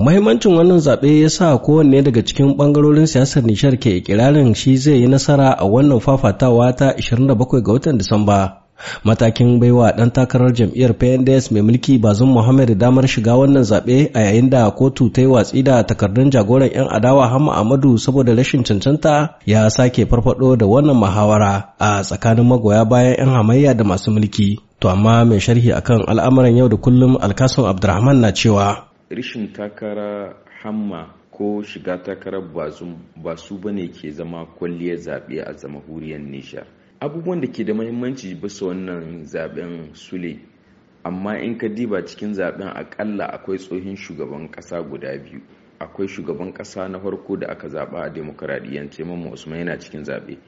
Mahimmancin wannan zaɓe ya sa kowanne daga cikin ɓangarorin siyasar nishar ke ikirarin shi zai yi nasara a wannan fafatawa ta 27 ga watan Disamba. Matakin baiwa ɗan takarar jam'iyyar PNDS mai mulki Bazum Muhammad damar shiga wannan zaɓe a yayin da kotu ta yi watsi da takardun jagoran 'yan adawa Hamma ahmadu saboda rashin cancanta ya sake farfaɗo da wannan muhawara a tsakanin magoya bayan 'yan hamayya da masu mulki. To amma mai sharhi akan al'amuran yau da kullum Alkasun Abdurrahman na cewa rishin takara hamma ko shiga takarar bazum ba su bane ke zama kwalliyar zaɓe a huriyar nishar Abubuwan da ke da mahimmanci bisa wannan zaɓen sule amma in ka diba cikin zaɓen akalla akwai tsohin shugaban ƙasa guda biyu. Akwai shugaban ƙasa na farko da aka zaɓa a demokuraɗiyyance taimama Usman yana cikin zaɓe.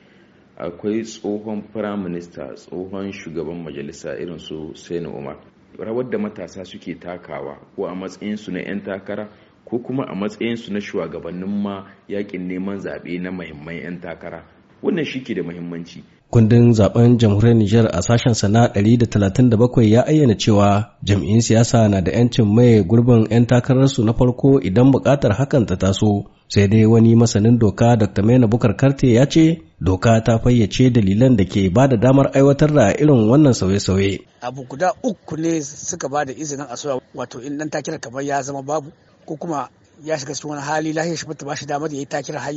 akwai tsohon firaminista tsohon shugaban majalisa irin su Sani Umar rawar da matasa suke takawa ko a matsayinsu na 'yan takara ko kuma a matsayinsu na shugabannin ma yakin neman zaɓe na mahimman 'yan takara wannan shi ke da mahimmanci kundin zaben jamhuriyar Nijar a sashen sana 137 ya ayyana cewa jam'in siyasa na da 'yancin mai gurbin 'yan takararsu na farko idan buƙatar hakan ta taso sai dai wani masanin doka dr maina bukar karte ya ce doka ta fayyace dalilan da ke ba da damar aiwatar da irin wannan sauye-sauye abu guda uku ne suka ba da izinin a soya wato in dan takira kamar ya zama babu ko kuma ya shiga cikin wani hali lahiyar shi ba shi damar ya yi takira har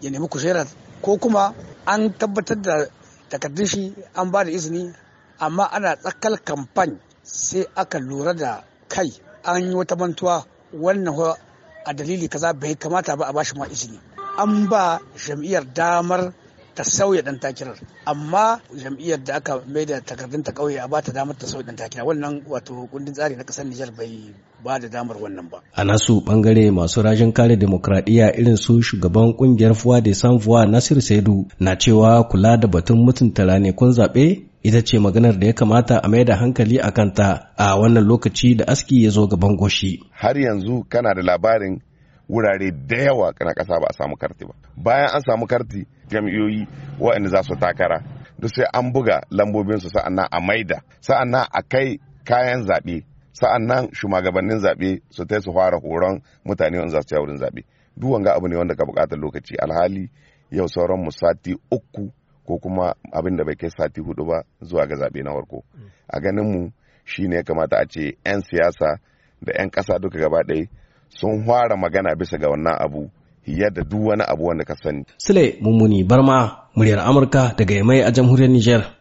ya nemi kujerar ko kuma an tabbatar da takardun shi an ba da izini amma ana tsakal kamfan sai aka lura da kai an yi wata mantuwa wannan a dalili kaza bai kamata ba a ba shi ma izini an ba jam'iyyar damar ta sauya dan takirar amma jam'iyyar da aka mai da takardun ta kauye a bata damar ta sauya dan takirar wannan wato kundin tsari na kasar Nijar bai ba da damar wannan ba a nasu bangare masu rajin kare demokradiyya irin su shugaban kungiyar Fuwa San Sanfuwa Nasir Saidu na cewa kula da batun mutunta ranakun zaɓe ita ce maganar da ya kamata a mai da hankali a kanta a wannan lokaci da aski ya zo gaban goshi. Har yanzu kana da labarin wurare da yawa na ƙasa ba a samu karti ba. Bayan an samu karti jam'iyoyi waɗanda za su takara duk sai an buga lambobinsu sa'annan a maida sa'annan a kai kayan zaɓe sa'annan shugabannin zaɓe su ta su fara horon mutane wanda za su wurin zaɓe duk wanga abu ne wanda ka buƙatar lokaci alhali yau sauran mu sati uku ko kuma abin da bai kai sati hudu ba zuwa ga zaɓe na farko a ganin mu shine ya kamata a ce 'yan siyasa da 'yan ƙasa duka gaba ɗaya sun fara magana bisa ga wannan abu yadda duk wani abu wanda ka sani. Sule Mummuni Barma, muryar Amurka daga Yamai a jamhuriyar Nijar.